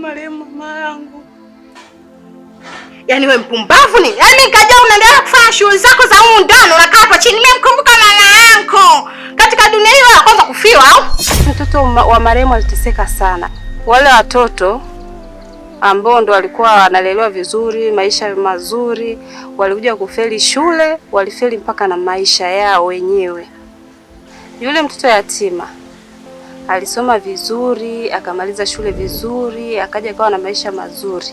marehemu mama yangu. Yaani we mpumbavu ni? Yaani kaja unaendelea kufanya shughuli zako za humu ndani, unakaa hapa chini. mkumbuka mama yako katika dunia hiyo ya kwanza kufiwa Mtoto wa marehemu aliteseka sana. Wale watoto ambao ndo walikuwa wanalelewa vizuri, maisha mazuri, walikuja kufeli shule, walifeli mpaka na maisha yao wenyewe. Yule mtoto yatima alisoma vizuri akamaliza shule vizuri, akaja akawa na maisha mazuri.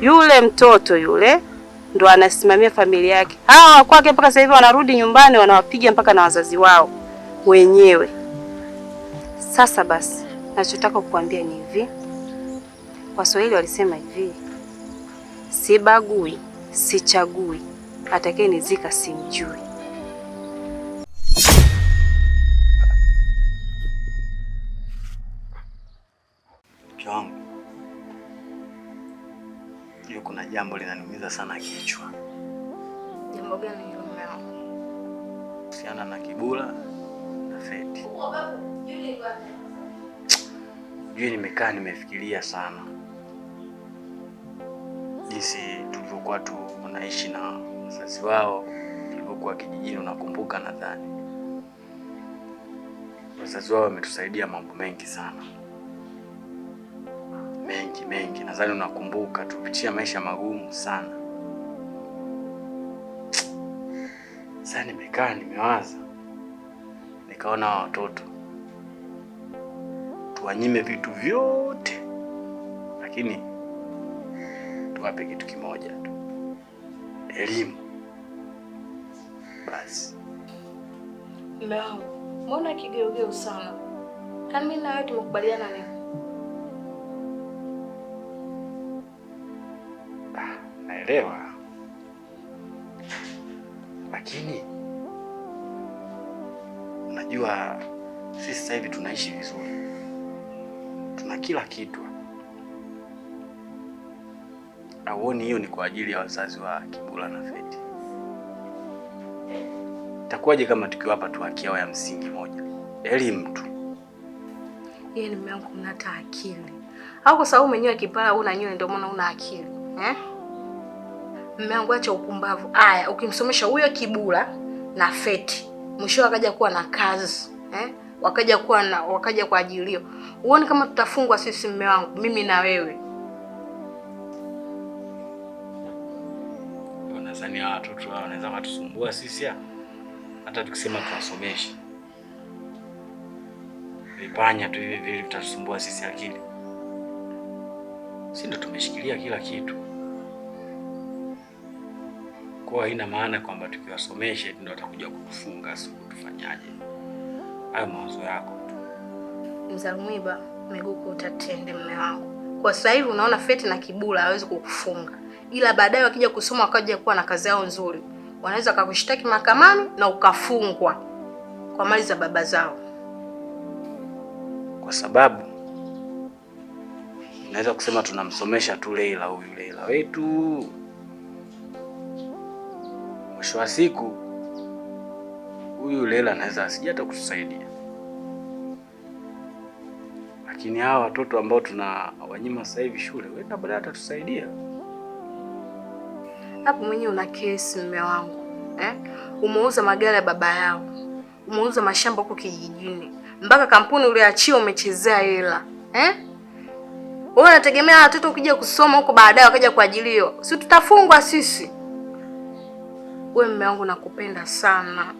Yule mtoto yule ndo anasimamia familia yake. Hawa kwake mpaka sasa hivi wanarudi nyumbani wanawapiga mpaka na wazazi wao wenyewe. Sasa basi, nachotaka kukuambia ni hivi, Waswahili walisema hivi, sibagui sichagui, nizika simjui. mke wangu, hiyo kuna jambo linaniumiza sana kichwa. Jambo gani hilo mume wangu? Kuhusiana na Kibula na Feti. Jui, nimekaa nimefikiria sana jinsi tulivyokuwa tu tunaishi na wazazi wao tulivyokuwa kijijini. Unakumbuka nadhani wazazi wao wametusaidia mambo mengi sana mengi, nadhani unakumbuka tupitia maisha magumu sana. Sasa nimekaa nimewaza, nikaona watoto tuwanyime vitu vyote, lakini tuwape kitu kimoja tu, elimu basi. Mbona kigeugeu sana? Kama mimi na wewe tumekubaliana nini? naelewa, lakini unajua sisi sasa hivi tunaishi vizuri, tuna kila kitu. Auoni hiyo ni kwa ajili ya wazazi wa Kibula na Feti? Itakuwaje kama tukiwapa tu haki yao ya msingi moja, elimu tu? Yeye ni mwangu, mnata akili au kwa sababu mwenyewe kipara una nywele ndio maana una akili eh? Mme wangu acha upumbavu. Aya, ukimsomesha huyo kibula na feti, mwisho wakaja kuwa na kazi eh? wakaja kuwa na wakaja kwa ajilio. Huoni kama tutafungwa sisi, mme wangu, mimi na wewe? Nadhani hawa watoto hawa wanaweza kutusumbua sisi, hata tukisema tuwasomeshe vipanya tu hivi vile vitatusumbua sisi akili, si ndo tumeshikilia kila kitu. Kwa haina maana kwamba tukiwasomesha ndio watakuja kutufunga siku, tufanyaje? Hayo mawazo yako tu. Mzalumwiba, Meguko utatende mume wangu. Kwa sasa hivi unaona Feti na Kibula hawezi kukufunga, ila baadaye wakija kusoma wakaja kuwa na kazi yao nzuri, wanaweza wakakushtaki mahakamani na ukafungwa kwa mali za baba zao, kwa sababu unaweza kusema tunamsomesha tu Leila, huyu Leila wetu Mwisho wa siku huyu Lela anaweza asija hata kutusaidia, lakini hawa watoto ambao tuna wanyima sasa hivi shule, wenda baadaye atatusaidia. Hapo mwenyewe una kesi, mume wangu eh? Umeuza magari ya baba yao, umeuza mashamba huko kijijini, mpaka kampuni uliachia umechezea hela eh? Wewe unategemea watoto kuja kusoma huko baadaye wakaja kuajiliwa, si tutafungwa sisi? we mume wangu nakupenda sana.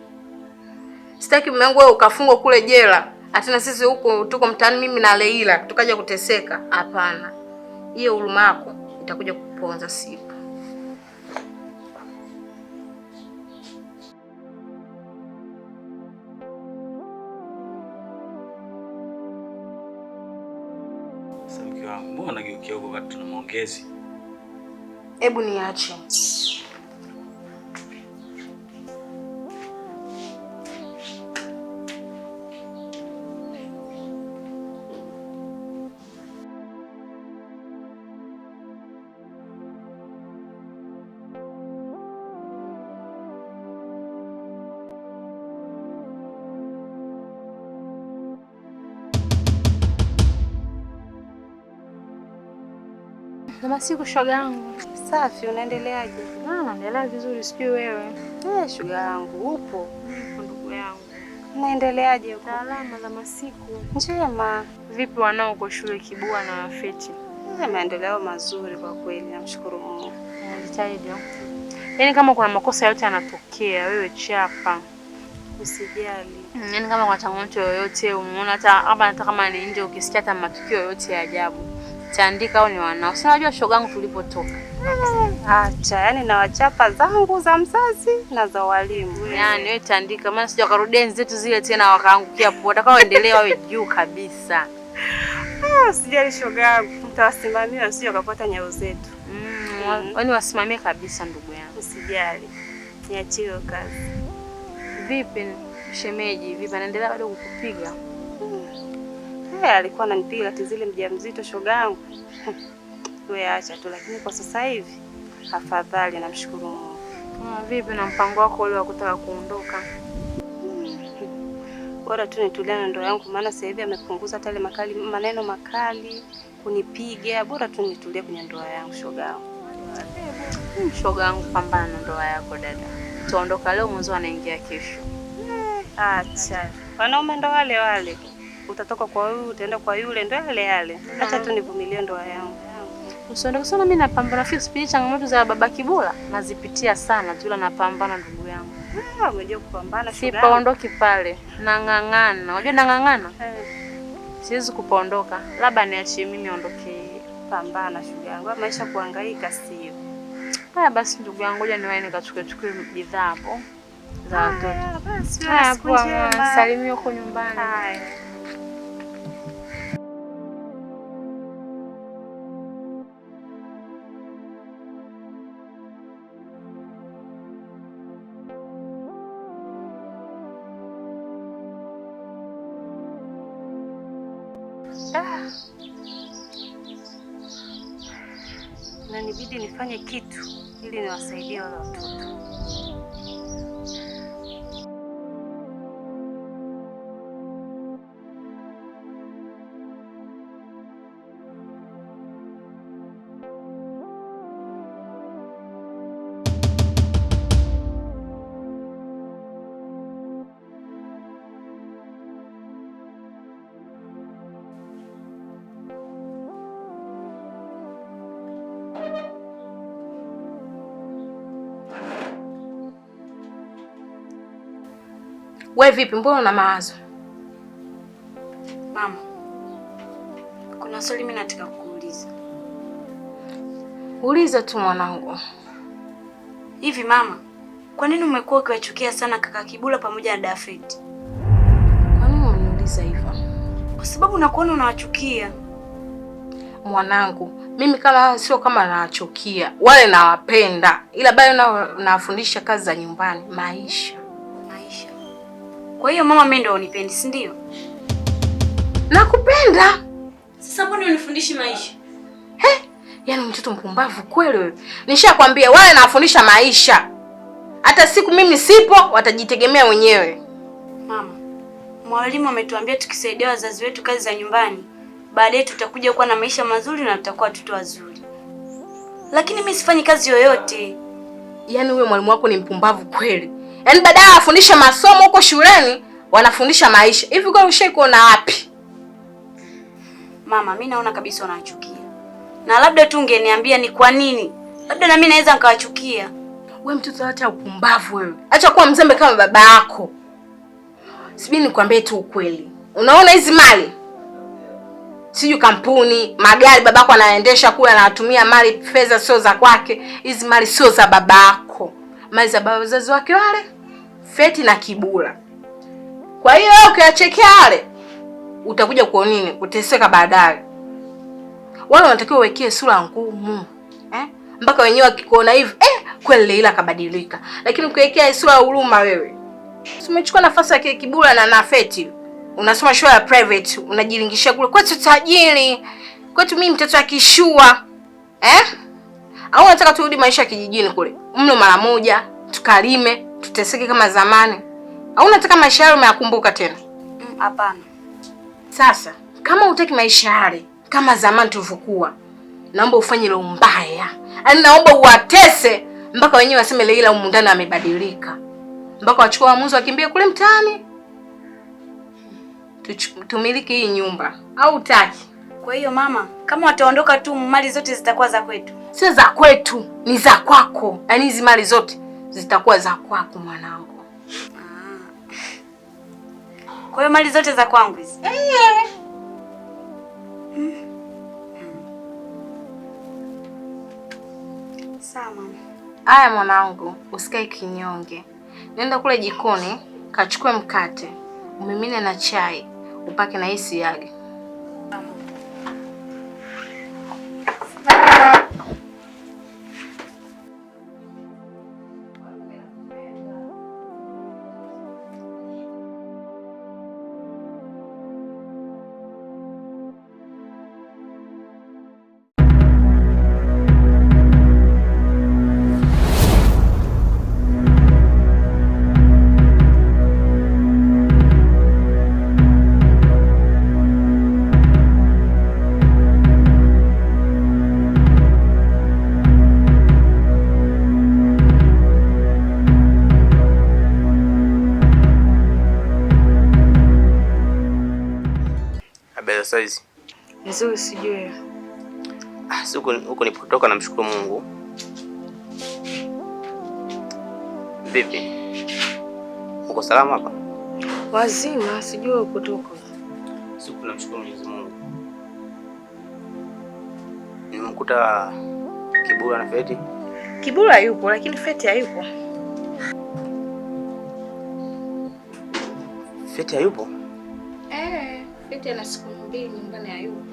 Sitaki mume wangu wewe ukafungwa kule jela, atina sisi huko tuko mtaani, mimi na Leila tukaja kuteseka. Hapana, hiyo huruma yako itakuja kuponza siku. mbona unageukia huko wakati tuna maongezi? Hebu niache. Mama siku, shoga yangu. Safi, unaendeleaje? Ah, naendelea vizuri, sijui wewe. Eh, shoga yangu, upo? Ndugu yangu, unaendeleaje huko? Salama za masiku. Njema. Vipi wanao uko shule, Kibua na Wafeti? Feti? Eh, maendeleo mazuri kwa kweli, namshukuru Mungu. Jitahidi. Eh? Yaani kama kuna makosa yote yanatokea, wewe chapa Usijali. Yaani kama kuna changamoto yoyote umeona, hata kama ni nje, ukisikia hata matukio yoyote ya ajabu Chandika au ni wanao. Si unajua shogangu tulipotoka. Acha, yani wachapa zangu za mzazi na za walimu. Yaani wewe Chandika, maana sija karudi zetu zile tena wakaangukia pua. Watakao wawe juu kabisa. Ah, sijali shogangu, mtawasimamia sio wakapata nyao zetu. Mm, wani mm. wasimamie kabisa ndugu yangu. Usijali. Niachie kazi. Vipi shemeji, vipi anaendelea bado kukupiga? Eh, alikuwa ananipiga kati zile mjamzito shogangu. Wewe acha tu, lakini kwa sasa hivi afadhali, namshukuru Mungu. Hmm, vipi na mpango wako ule wa kutaka kuondoka? Hmm. Bora tu nitulie na ndoa yangu, maana sasa hivi amepunguza hata ile makali maneno makali kunipiga. Bora tu nitulie kwenye ndoa yangu shogangu. Hmm, shogangu, pambana na ndoa yako dada. Tuondoka leo, mwanzo anaingia kesho. Eh, acha wanaume ndo wale wale utatoka kwa huyu utaenda kwa yule, ndo yale yale. Acha tu mm. nivumilie ndoa yangu. Usiondoke sana, mimi napambana. fix pia. changamoto za baba Kibula nazipitia sana tu, ila napambana ndugu yangu. Ah, umejua kupambana. Sipaondoki pale, nang'ang'ana. Unajua nang'ang'ana, eh. siwezi kupaondoka, labda niachie mimi niondoke. Pambana shughuli yangu, maisha kuhangaika sio haya. Basi ndugu yangu, ngoja niwae nikachukue chukue bidhaa hapo za watoto. Haya, salimia huko nyumbani. Haya. nifanye kitu ili niwasaidie wale watoto. We vipi, mbona una mawazo? Mama, kuna swali mimi nataka kukuuliza. Uliza tu mwanangu. Hivi mama, kwa nini umekuwa ukiwachukia sana kaka Kibula pamoja na Dafeti? Kwa nini unaniuliza hivyo? Kwa sababu nakuona unawachukia mwanangu. Mimi kama sio kama nawachukia, wale nawapenda, ila bado nawafundisha kazi za nyumbani, maisha kwa hiyo mama, mimi ndio unipendi, si ndio? Nakupenda. Sasa mbona unifundishi maisha? He? Yaani mtoto mpumbavu kweli wewe. Nishakwambia wale nawafundisha maisha. Hata siku mimi sipo watajitegemea wenyewe. Mama, mwalimu ametuambia tukisaidia wazazi wetu kazi za nyumbani, baadaye tutakuja kuwa na maisha mazuri na tutakuwa watoto wazuri. Lakini mimi sifanyi kazi yoyote. Yaani huyo mwalimu wako ni mpumbavu kweli yaani badala wafundishe masomo huko shuleni wanafundisha maisha. Hivi kwa ushe kuona wapi? Mama, mimi naona kabisa wanachukia. na labda tu ungeniambia ni kwa nini, labda na mimi naweza nikawachukia. We mtoto, acha upumbavu wewe, acha kuwa mzembe kama baba yako. Sibii nikwambie tu ukweli, unaona hizi mali sijui kampuni magari babako anaendesha kule, anatumia mali, fedha sio za kwake. Hizi mali sio za babako, mali za baba wazazi wake wale feti na kibula. Kwa hiyo wewe ukiyachekea wale utakuja kwa nini uteseka baadaye. Wale wanatakiwa wekee sura ngumu eh? mpaka wenyewe wakikuona hivi eh, kweli ila kabadilika. Lakini ukiwekea sura ya huruma, wewe umechukua nafasi ya kibula na na feti, unasoma shule ya private, unajilingishia kule kwetu tajiri, kwetu mimi mtoto akishua eh? au unataka turudi maisha ya kijijini kule, mlo mara moja tukalime tuteseke kama zamani, au unataka maisha yale umeyakumbuka tena? Mm, hapana. Mm, sasa kama utaki maisha yale kama zamani tulivyokuwa, naomba ufanye leo mbaya, yaani naomba uwatese mpaka wenyewe waseme Leila humu ndani amebadilika, mpaka wachukua waamuzi wakimbie kule mtaani. Tumiliki hii nyumba au utaki? Kwa hiyo mama, kama wataondoka tu, mali zote zitakuwa za kwetu. Sio za kwetu, ni za kwako, yaani hizi mali zote zitakuwa za kwako mwanangu. Ah. Kwa hiyo mali zote za kwangu hizi? Eh. Aya mwanangu, usikae kinyonge, nenda kule jikoni kachukue mkate umimine na chai upake na hii siagi. saa hizi? Nzuri, sijui ah, huko nipotoka, namshukuru Mungu. Vipi, uko salama hapa? Wazima, sijui ukotoka. Siku namshukuru Mwenyezi Mungu. Nimekuta Kibura na Feti. Kibura yupo lakini Feti hayupo. Feti hayupo? Eh, Feti ana siku mbili nyumbani hayupo.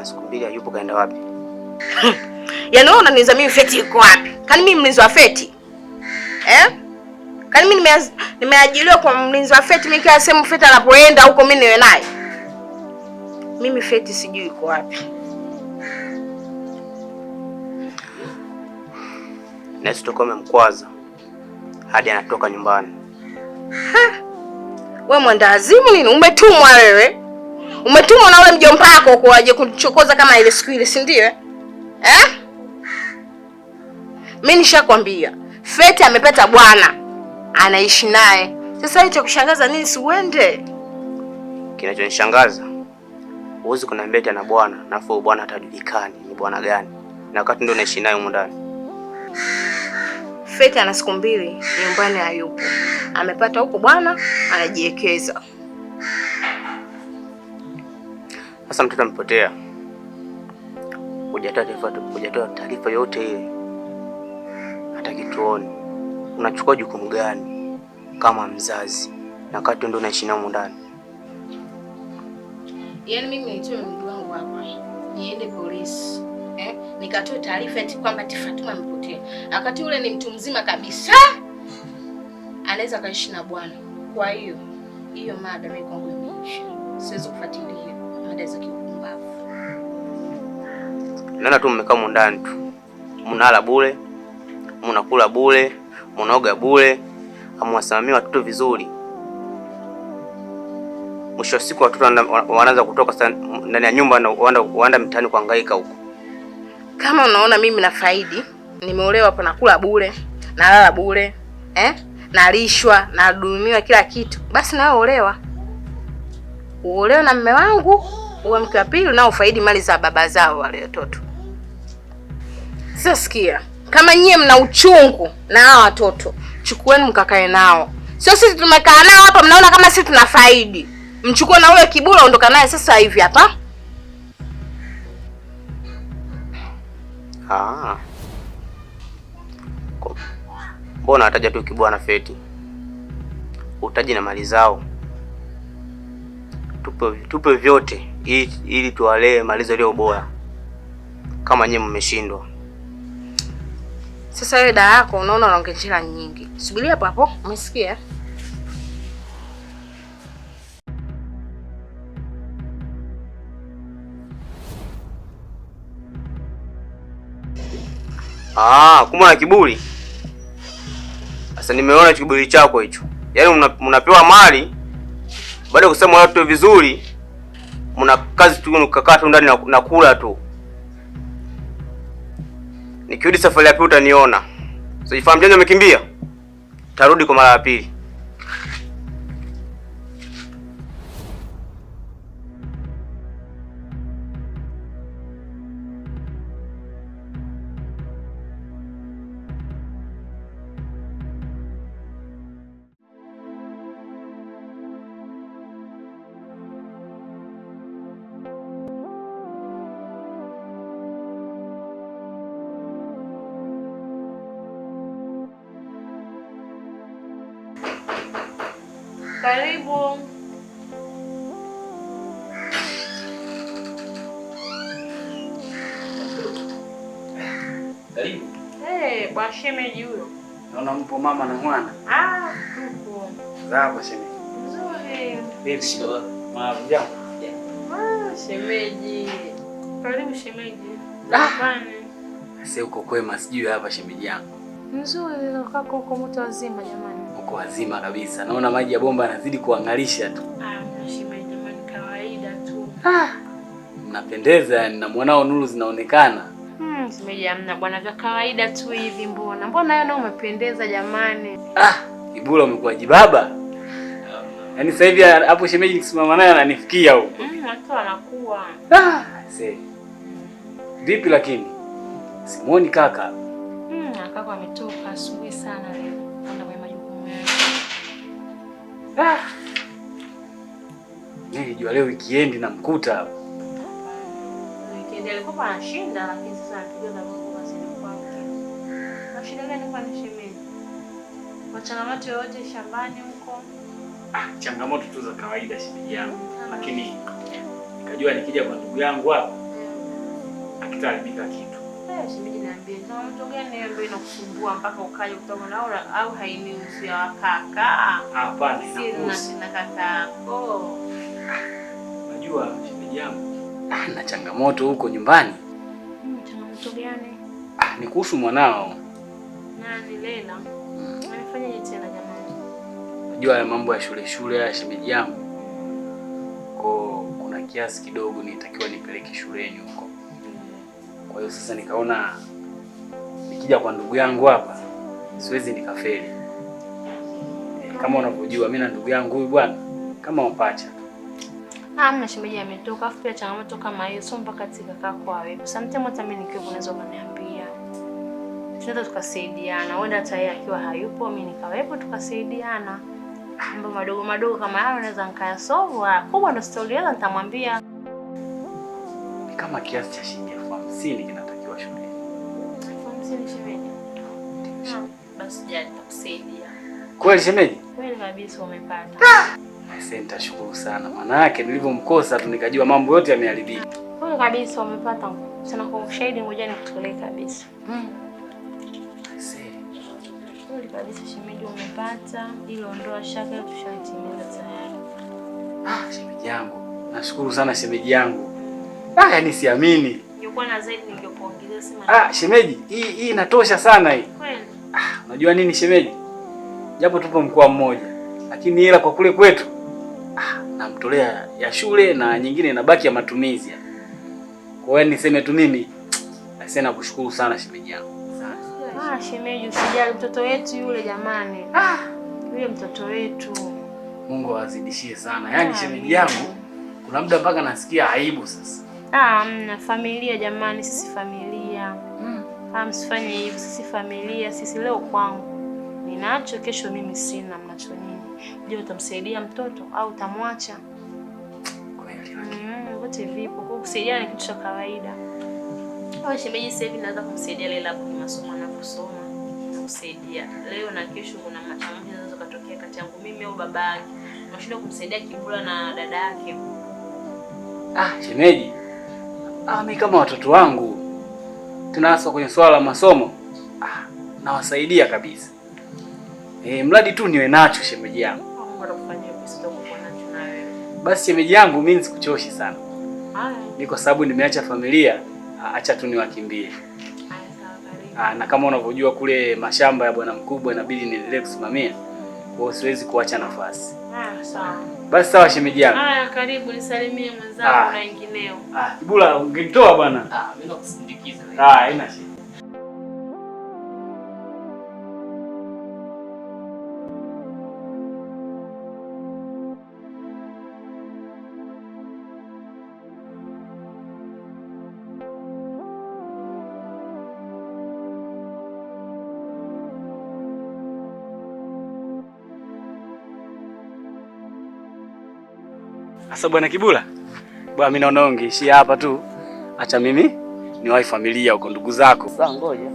Ah, siku mbili hayupo, kaenda wapi? Yaani wewe unaniuliza mimi feti iko wapi? Kani mimi mlinzi wa feti eh? Kani mimi nimeajiriwa kwa mlinzi wa feti, mimi kila sehemu feti anapoenda huko mimi niwe naye? Mimi feti sijui iko wapi. Nesitokome mkwaza hadi anatoka nyumbani ha. We mwandaazimu nini? Umetumwa wewe, umetumwa na ule mjomba wako kuaje kunichokoza kama ile siku ile, si ndio eh? Mimi nishakwambia Fete amepata bwana anaishi naye sasa. Hicho kushangaza nini? Si uende. Kinachonishangaza huwezi kuniambia eti ana bwana nafu bwana atajulikani ni bwana gani, na wakati ndio naishi naye huko ndani Feti ana siku mbili nyumbani hayupo, amepata huko bwana, anajiwekeza sasa. Mtoto amepotea, hujatoa taarifa yote ile, hata kituoni. Unachukua jukumu gani kama mzazi na kati ndio unaishi namo ndani? Yaani mimi nitoe mtu wangu hapa niende polisi nikatoe taarifa eti kwamba eti Fatuma amepotea, wakati ule ni mtu mzima kabisa, anaweza kaishi na bwana. Kwa hiyo hiyo mada mimi kwangu imeisha, siwezi kufuatilia mada za kipumbavu. Naona tu mmekaa mundani tu, mnala bure, mnakula bure, mnaoga bure, hamwasimamia watoto vizuri. Mwisho wa siku watoto wanaanza kutoka ndani ya nyumba, wanaenda mtaani kuhangaika huko. Kama unaona mimi nafaidi, nimeolewa hapa, nakula bure, nalala bure eh? nalishwa, nadumiwa kila kitu, basi nawe olewa, uolewa na mme wangu, uwe mke wa pili na ufaidi mali za baba zao wale watoto. Sasa sikia, kama nyie mna uchungu na hawa watoto, chukueni mkakae nao, sio sisi tumekaa nao hapa, mnaona kama sisi faidi, Mchukue na huyo kiburi, ondoka naye sasa hivi hapa. Ah. Mbona ataja tu kibwana feti, utaji na mali zao, tupe, tupe vyote ili, ili tuwalee mali zao bora, kama nyewe mmeshindwa. Sasa wewe da yako unaona unaongechela nyingi, subiria hapo hapo, umesikia? Ah, kumbe na kiburi. Sasa nimeona kiburi chako hicho. Yaani mnapewa mali baada ya kusema watu vizuri, mna kazi tu ukakaa tu ndani na kula tu. Nikirudi safari ya pili utaniona. Sifahamu jana umekimbia. Tarudi kwa mara ya pili. Karibu. Karibu. shemeji huyo. Naona mpo mama na mwana. Ah, tupo. Za ah, shemeji. Karibu shemeji. Ah. Sasa uko kwema sijui hapa shemeji yangu. Nzuri, ndio kako huko wazima jamani. Uko wazima kabisa, naona maji ya bomba yanazidi kuangalisha tu. Ah, mnapendeza ah. yani, na mwanao nuru zinaonekana. Hmm, Shemeji hamna bwana, vya kawaida tu hivi. Mbona mbona yona umependeza jamani. Ah, Ibula umekuwa jibaba yaani sasa hivi hapo shemeji nikisimama naye ananifikia huko. Mm, watu anakuwa. Ah, see. Vipi lakini? Simoni kaka. Mm, kaka ametoka asubuhi sana leo. Ah. Nilijua leo wikiendi namkuta hapo. na Mungu kazini changamoto yoyote shambani huko? Ah, changamoto tu za kawaida shemeji yangu. Lakini nikajua nikija kwa ndugu yangu hapa eh. akitaribika kitu shemeji, niambie na mtu gani ambaye inakusumbua mpaka ukaje kutoka au ya kaka? Hapana, na kaka Unajua shemeji yangu ana ah, changamoto huko nyumbani. Hmm, changamoto gani? Ah, ni kuhusu mwanao. Nani? Lena? Hmm. Anafanya nini tena jamani? Unajua ya mambo ya shule shule ya shemeji yangu, kwa kuna kiasi kidogo nitakiwa nipeleke shuleni huko kwa hiyo sasa nikaona nikija kwa ndugu yangu hapa siwezi nikafeli. E, kama unavyojua mimi na ndugu yangu huyu bwana kama mpacha. Hamna ah, shemeji ametoka, afu pia changamoto kama hiyo sio mpaka tika kaa kwa wewe. Sometimes hata mimi nikiwa unaweza kuniambia. Tunaweza tukasaidiana. Wenda hata yeye akiwa hayupo mimi nikawepo tukasaidiana. Mambo madogo madogo kama hayo naweza nikayasolve. Kubwa ndo story yake nitamwambia. Ni kama kiasi cha shilingi siri kinatakiwa shule. Ah. Kweli shemeji? Kweli kabisa umepata. Asante, ah! nitashukuru sana. Maana yake nilivyomkosa tu nikajua mambo yote yameharibika. Kweli kabisa umepata. Sana kwa ushahidi, ngoja nikutolee kabisa. Mm. Kweli kabisa shemeji umepata. Ile ondoa shaka tushaitimiza tayari. Ah, shemeji yangu. Nashukuru sana shemeji yangu. Ah, yani siamini. Ah, shemeji, hii hii inatosha sana hii. Kweli. Ah, unajua nini shemeji? Japo tupo mkoa mmoja, lakini hela kwa kule kwetu ah, namtolea ya shule na nyingine inabaki ya matumizi. Kwa hiyo niseme tu mimi asante kushukuru sana shemeji yangu. Ah, shemeji usijali mtoto wetu yule jamani. Ah, yule mtoto wetu. Mungu awazidishie sana. Yaani shemeji yangu kuna muda mpaka nasikia aibu sasa. Amna ah, familia jamani, sisi familia mm. Msifanye hivyo, sisi familia. Sisi leo kwangu ninacho, kesho mimi sina, mnacho nini? Je, utamsaidia mtoto au utamwacha? Mm, wote vipo kwa kusaidia, ni kitu cha kawaida. Au shemeji, sasa hivi naweza kumsaidia Leila kwenye masomo anaposoma, kusaidia leo na kesho. Kuna matamshi yanaweza kutokea kati yangu mimi au babake, unashindwa kumsaidia kibula na dada yake. Ah, shemeji Ah, kama watoto wangu tunaswa kwenye swala la masomo ah, nawasaidia kabisa e, mradi tu niwe nacho shemeji yangu. Basi shemeji yangu, mimi nisikuchoshi sana, ni kwa sababu nimeacha familia, ah, acha tu niwakimbie. Ah, na kama unavyojua kule mashamba ya bwana mkubwa inabidi niendelee kusimamia, kwa siwezi kuacha nafasi. Ah, sawa. Basi sawa shemeji yangu. Haya karibu nisalimie mwenzangu na wengineo. Ah, ah bula ungenitoa bwana. Ah, mimi nakusindikiza wewe. Ah, haina shida. Sasa bwana Kibula, bwana, mimi naona ungeishia hapa tu, acha mimi niwahi familia huko, ndugu zako. Sasa ngoja,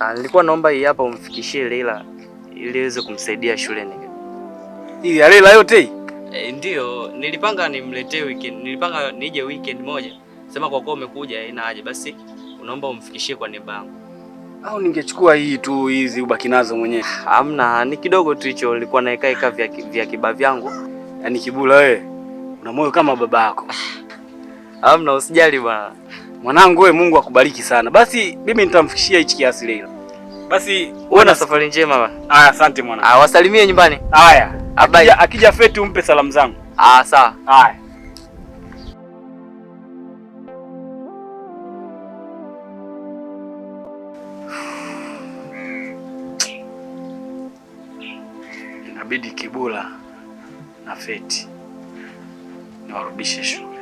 ah, nilikuwa naomba hii hapa umfikishie Leila ili iweze kumsaidia shuleni. Hii ya Leila yote Eh, ndio nilipanga nimletee weekend, nilipanga nije weekend moja, sema kwa kuwa umekuja ina aje basi, unaomba umfikishie kwa niaba au ningechukua hii tu hizi ubaki nazo mwenyewe? Hamna, ni kidogo tu hicho, nilikuwa naekaeka vya, vya kiba vyangu. Yaani Kibula wewe una moyo kama baba yako. Hamna, usijali bwana mwanangu. Wewe Mungu akubariki sana. Basi mimi nitamfikishia hichi kiasi leo. Basi uwe na safari njema bwana. Haya, asante mwanangu. Ah, wasalimie nyumbani. Haya, akija, akija fetu umpe salamu zangu. Ah, sawa. Haya. inabidi Kibula na Feti niwarudishe shule,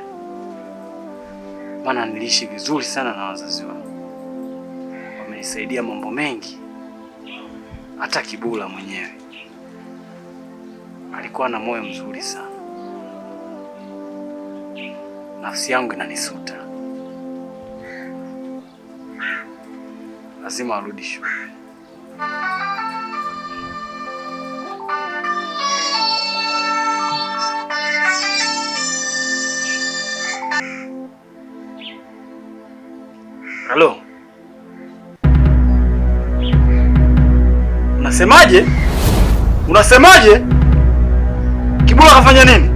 maana niliishi vizuri sana na wazazi wangu, wamenisaidia mambo mengi. Hata Kibula mwenyewe alikuwa na moyo mzuri sana. Nafsi yangu inanisuta, lazima warudi shule. Unasemaje? Unasemaje? Kibula kafanya nini?